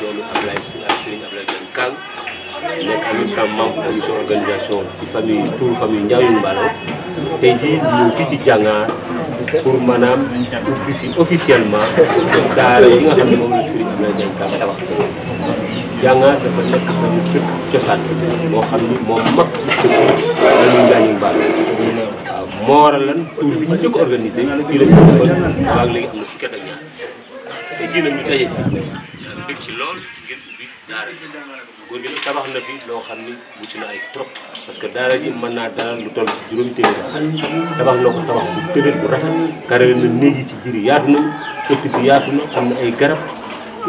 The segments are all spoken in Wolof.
doomu Ablaye Serigne Ablaye Diagne Kang nekk en même temps membre commission organisation ci famille pour famille Ndiayoune Mbalo tey jii ñu fii ci jàngaar pour maanaam ubbi fi officiellement daara yi nga xam ne moom la Serigne Ablaye Diagne Kang tabax jàngaar dafa nekk benn dëkk cosaan moo xam ni moom mag ci dëkk lañuy Ndiayoune Mbalo waaw moo waral lan tour bi ñu jëkk organisé fii lañ ko defal waaw léegi am na fukki at ak ñaar te ji nañu daje fi bëgg ci lool ngeen ubbi tabax na fi loo xam ni mucc na ay trop parce que daara ji mën naa daal lu toll juróomi téeméeri tabax na ko tabax bu dëgër bu rafet carré na néeg yi ci biir yaatu na ëtt bi yaatu na am na ay garab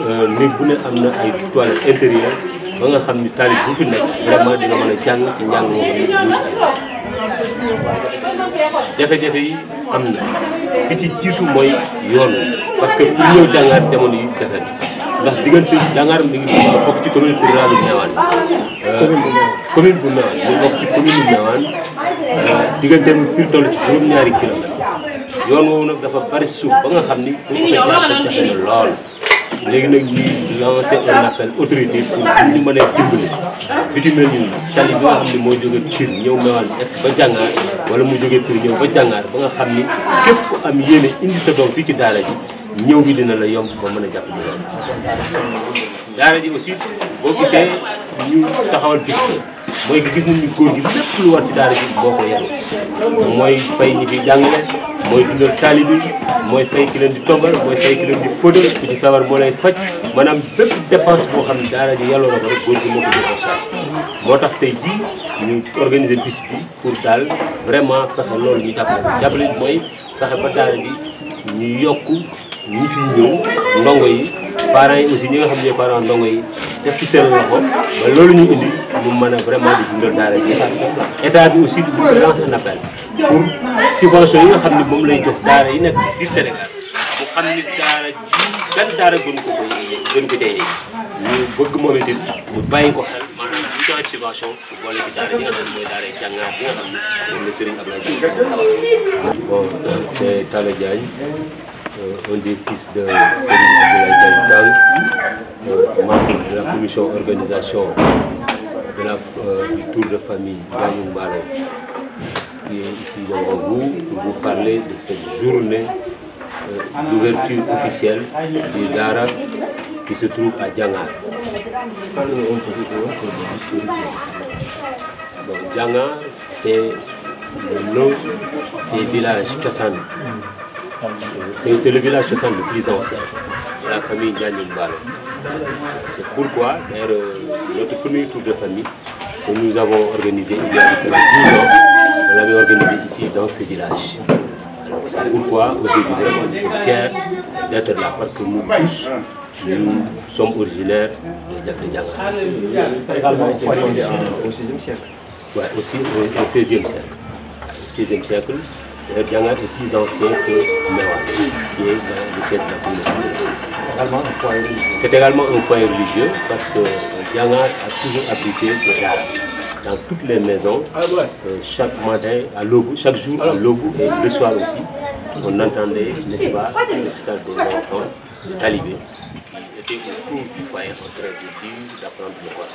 euh, néeg bu ne am na ay toilette intérieur ba nga xam ni taalib bu fi nekk vraiment dina mën a jàng ci njàng moo jafe-jafe yi am na bi ci jiitu mooy yoon parce que bu ñëw jàngaat jamono yi jafe ndax diggante Diangar euh, mi ngi bokk ci commune rurale bu Méouane. commune bu Méouane mu bokk ci commune bu Méouane diggante bi pir toll ci juróom-ñaari kilomètres yoon woowu dafa bari suuf ba nga xam ni bu ñu léegi nag ñuy lancer un autorité pour ñu mën a dimbali bi ci mel ni tali bi nga xam ne moo jógee Pire ñëw Méouane ex ba Diangar wala mu jógee Pire ñëw ba Diangar ba nga xam ni képp ku am yéene indi sa doom fii ci daara ji. ñëw bi dina la yomb ba mën a jàpp ñu loolu daara ji aussi boo gisee ñu taxawal bis mooy gis ni ñu góor gi lépp lu war ci daara ji boo ko yenu mooy fay ñi fi jàngale mooy dundal taalibe yi mooy fay ki leen di toggal mooy fay ki leen di fóotal ku ci feebar moo lay faj maanaam bépp dépense boo xam ne daara ji yelloo na ko rek moo ko jël en moo tax tey jii ñu organiser bis bi pour daal vraiment fexe loolu ñu jàppale ko jàppale mooy fexe ba daara bi ñu yokk ñi fi ñëw ndongo yi parents yi aussi ñi nga xam ne parents ndongo yi def ci seen loxo ba loolu ñu indi mu mën a vraiment di dundal daara ji état xam ne moom lay jox daara yi nekk ci biir Sénégal mu ko koy gën ko bëgg moom itam mu bàyyi ko xel maanaam ñu Euh, un des fils de Serigne euh, de la commission organisation de la, euh, tour de famille Gagnou Mbalo, qui est ici devant vous parler de cette journée d'ouverture officielle du Dara qui se trouve à Djangar. Donc c'est le nom des villages Kassan. C'est le village social le plus ancien, la famille Ndiagne-Mbalo. C'est pourquoi, euh, notre premier tour de famille que nous avons organisé il y a 10 organisé ici dans ce village. c'est pourquoi aujourd'hui vraiment nous sommes d'être là, parce que nous tous, nous sommes originaires de Diaga. Également fondé au 16e siècle. Oui, aussi au 16e siècle. Au 16e siècle, Euh, bien être que Mewan, qui est de C'est également un foyer religieux parce que Diana euh, a toujours habité le Dara. Dans toutes les maisons, ah, euh, chaque matin à l'aube, chaque jour à l'aube et le soir aussi, on entendait, n'est-ce pas, le stade des enfants activités autour du foyer en train de lire, d'apprendre le Coran.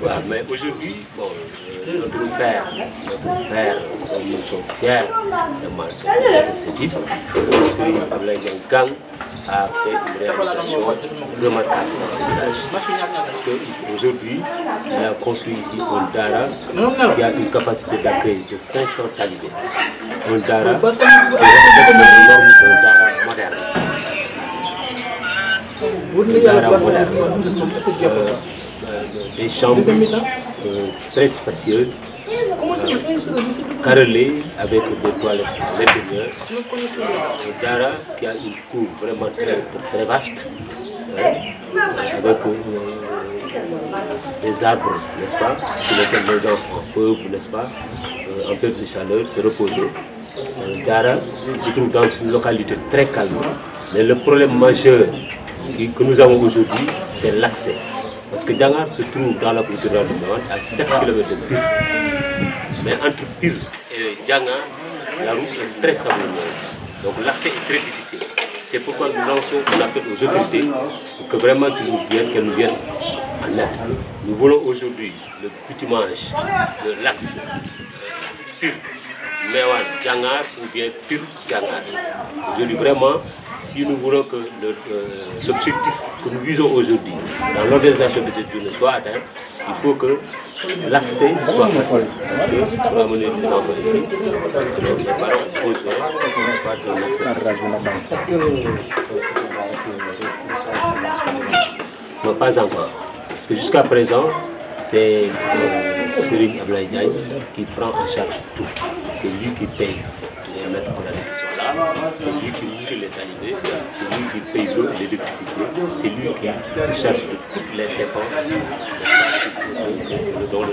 Voilà, mais aujourd'hui, bon, euh, notre père, notre père, nous sommes fiers de ce fils. Gang a fait une réalisation remarquable dans ce village. Parce qu'aujourd'hui, on a construit ici un Dara qui a une capacité d'accueil de 500 talibés. Un Dara qui respecte les normes d'un Dara moderne. Euh, des chambres euh, très spacieuses, carrelées avec des toilettes à l'intérieur. Euh, Dara qui a une cour vraiment très, vaste, avec des arbres, n'est-ce pas, sur lesquels les enfants peuvent, n'est-ce pas, en période de chaleur, se reposer. Dara se trouve dans une localité très calme, mais le problème majeur que nous avons aujourd'hui, c'est l'accès. Parce que Dangar se trouve dans la préfecture de Bamane, à 7 km de Pire. Mais entre Pire et Djangar, la route est très sablonneuse. Donc l'accès est très difficile. C'est pourquoi nous lançons un appel aux autorités que vraiment qu'elles nous viennent, qu'elles nous Nous voulons aujourd'hui le petit manche, l'axe, euh, Pire, Mewan Djangar ou bien Je dis vraiment, si nous voulons que euh, l'objectif que nous visons aujourd'hui dans l'organisation de cette journée soit il faut que l'accès soit facile. Parce que pour amener les enfants ici, alors les parents ont besoin d'un accès facile. Non, pas Parce que jusqu'à présent, c'est... Euh, Serigne Ablaye Diagne qui C'est lui qui paye les maîtres coraniques là, c'est lui qui nourrit les talibés, c'est lui qui paye l'eau et c'est lui qui se charge de toutes les dépenses le don de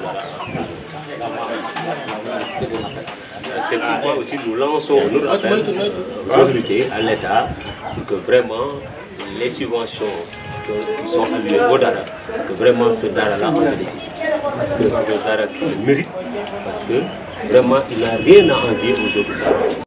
la à l'État, pour que vraiment les subventions que, qui sont alliés au Dara, que vraiment ce Dara-là en Parce que c'est Dara qui le parce que vraiment il n'a rien à envier aux Dara.